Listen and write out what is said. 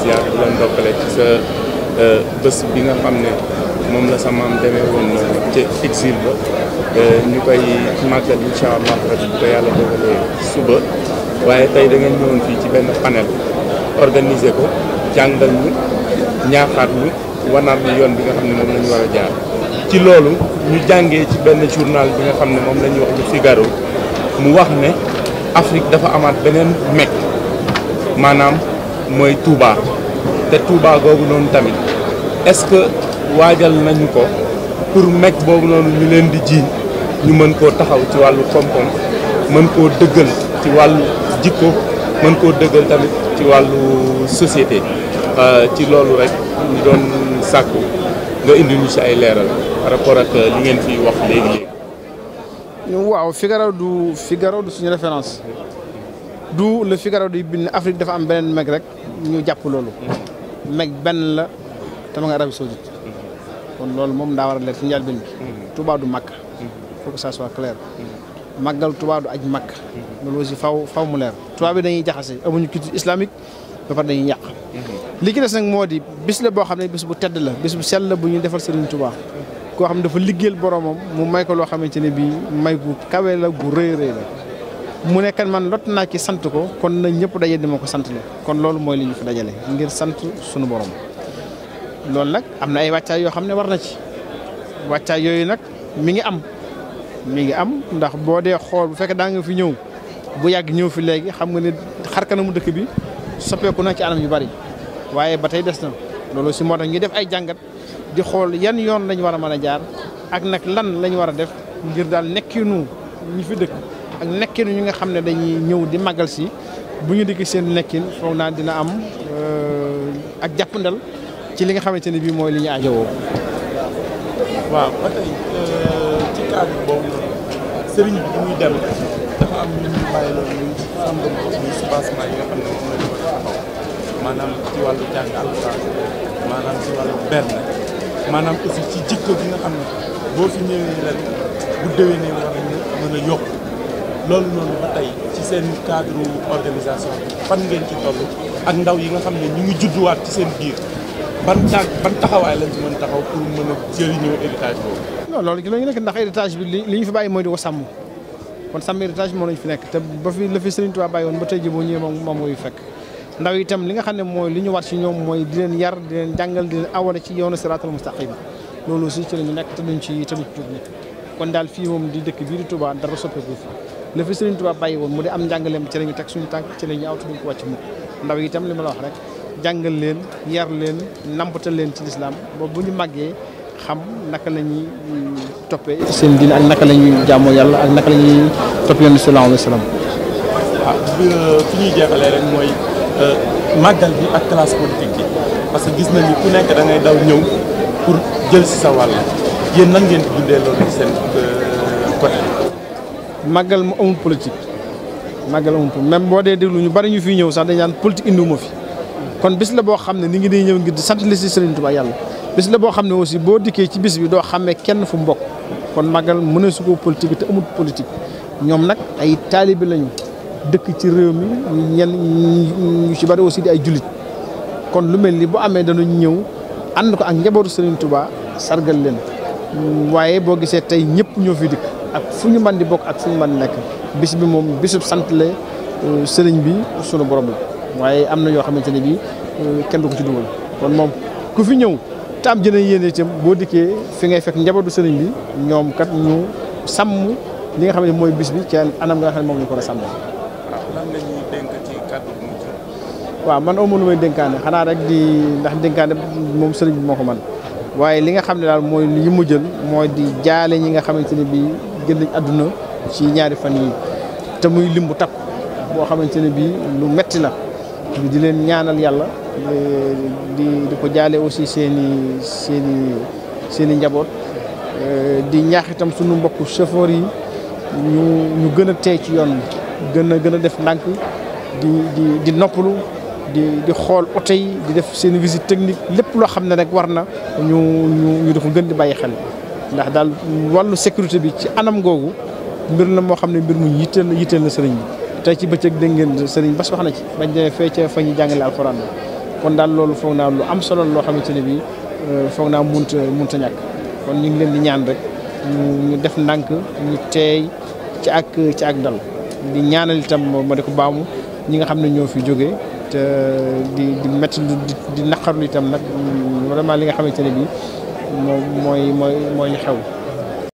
ziar di la ndokkale ci sa euh, bés bi nga xam ne moom la sa maam demee woon euh, ca exil ba euh, ñu koy màggal incha allah rabi ko yàlla dogalee suba waaye tey da ngeen ñëwoon fii ci benn panel organise ko jàngal ñu ñaaxaat ñu wanaat ñu yoon bi nga xam ne moom la war a jaar. ci loolu ñu jàngee ci benn journal bi nga xam ne moom la ñuy wax ci Figaro mu wax ne Afrique dafa amaat beneen mekk maanaam. mooy Touba te Touba googu noonu tamit est-ce que waajal nañu ko pour meg boobu noonu ñu leen di jiiñ ñu mën koo taxaw ci wàllu koom mën koo dëggal ci wàllu jikko mën koo dëggal tamit ci wàllu société euh, ci loolu rek ñu doon sàkku nga indi ñu si ay leeral par rapport ak li ngeen fi wax léegi-léegi. waaw Figaro du Figaro du suñu référence. du le Figaro di bind Afrique dafa am beneen meg rek ñu jàpp loolu. meg benn la tama nga Arabie Saoudite kon loolu moom daa war a leer ci njëlbéen bi. Touba du mag faut que ça soit clair. màggal Touba du aj Makka. loolu aussi faw faw mu leer. Touba bi dañuy jaxase amuñu culture islamique ba pare dañuy yàq. li ci des nag moo di bis la boo xam ne bis bu tedd la bis bu sell la bu ñuy defal Serigne tubaa koo xam ne dafa liggéeyal boromam mu may ko loo xamante ne bii may bu kawe la bu rëy rëy la. mu ne man lot naa ci sant ko kon nañ ñëpp daje di ma ko sant le kon loolu mooy li ñu fi dajale ngir sant sunu borom loolu nag am na ay wàccaay yoo xam ne war na ci wàccaay yooyu nag mi ngi am mi ngi am ndax boo dee xool bu fekkee daa nga fi ñëw bu yàgg ñëw fi léegi xam nga ne xar mu dëkk bi soppeeku na ci anam yu bari waaye ba tey des na loolu si moo tax ñu def ay jàngat di xool yan yoon lañu war a mën a jaar ak nag lan lañu war a def ngir daal nekkinu ñi fi dëkk. ak nekkinu ñi nga xam ne dañuy ñëw di màggal si bu ñu dikk seen nekkin foog naa dina am euh, ak jàppandal ci li nga xamante ne bii mooy li ñu aajowoo. waaw ba euh, muy dem dafa am lu ñuy bàyyi loolu muy sàmm muy spacement nga xam ne moom la ñu war jàng alxuraan maanaam ci wàllu benn maanaam aussi ci jikko bi nga xam ne boo fi ñëwee ren bu déwénee war a mën a yokk. loolu noonu ba tey ci seen cadre organisation fan ngeen ci toll ak ndaw yi nga xam ne ñu ngi judduwaat ci seen biir ban taag ban taxawaay lañ ci mën taxaw pour mën a jëriñoo héritage boobu. non loolu gi la ñu nekk ndax héritage bi li ñu fi bàyyi mooy di ko sàmm kon sàmm héritage bi moom lañ fi nekk te ba fi la fi Serigne Touba bàyyi ba tey ji boo ñëwee moom moom fekk ndaw itam li nga xam ne mooy li ñu war ci ñoom mooy di leen yar di leen jàngal di leen awane ci yoonu siraatal mustaqim loolu aussi ci la ñu nekk te duñ ci tamit kon daal fii di dëkk bii di Touba dara soppeeku la fi Serigne Touba bàyyi woon mu di am njàngaleem ci la ñu teg suñu tànk ci la ñu aw duñ wàcc mu ndaw yi tam li ma la wax rek jàngal leen yar leen nampatal leen ci lislaam boobu bu ñu màggee xam naka la ñuy mm, toppee seen diine ak naka la ñuy yàlla ak naka la ñuy topp yoon sallallahu alayhi wa sallam waaw ah, euh, fi ñuy jeexalee rek mooy euh, màggal bi ak classe politique bi parce que gis nañu ku nekk dangay daw ñëw pour jël si sa wàll yéen nan ngeen di dundee loolu seen euh, côté màggal mu amul politique màggal amul même boo dee déglu ñu bari ñu fiy ñëw sax dañ naan politique indiwuma fi kon bis la boo xam ne ni ngi day ñëw ngir di sant li si Serigne Touba yàlla bis la boo xam ne aussi boo dikkee ci bis bi doo xamee kenn fu mbokk kon màggal mën a su ko politique te amul politique ñoom nag ay taalibe lañu dëkk ci réew mi ñenn ñu ci bari aussi di ay jullit kon lu mel ni bu amee danañ ñëw ànd ko ak njabootu Serigne tubaa sargal leen waaye boo gisee tey ñëpp ñoo fi ak suñu man di bok ak suñu man nek bis bi mom bisub sante euh, seringbi serigne bi suñu borom la waaye bi euh, kenn du ko ci dugal kon mom ku fi ñew tam jëne yene ci bo dikkee fi ngay fek njabootu serigne bi ñom kat ñu sam li nga xamanteni moy bis bi ci anam nga xamanteni mom ñu ko kaddu mu ci wa man amu lu may denkane xana rek di ndax denkane mom serigne bi moko man waaye li nga xam ne daal mooy yi mu jël mooy di jaale ñi nga xamante ne bii gën nañ àdduna ci ñaari fan yi te muy lim bu tàpp boo xamante ne bii lu metti la di leen ñaanal yàlla di ko jaalee aussi seeni i seen i seen i njaboot di ñaaxitam itam sunu mbokku sëfoor yi ñu ñu gën a tey ci yoon gën a gën a def ndànk di di di di di xool oto di def seen visite technique lépp loo xam ne rek war na ñu ñu ñu dafa gën di bàyyi xel ndax daal wallu sécurité bi ci anam googu mbir la moo xam ne mbir mu yitteel yitteel na sëriñ bi tey ci bëccëg dégg ngeen sëriñ Bass wax na ci bañ demee fee fa ñu jàngale alxuraan la kon daal loolu foog naa lu am solo loo xamante ne bii euh, foog naa mënut a mënut kon ñu ngi leen di ñaan rek ñu def ndànk ñu teey ci ak ci ak dal di ñaanal itam ma di ko baamu ñi nga xam ne ñoo fi jógee. te di di métti di naqarlu itam nag vraiment li nga xamante ne bii moom mooy mooy mooy li xew.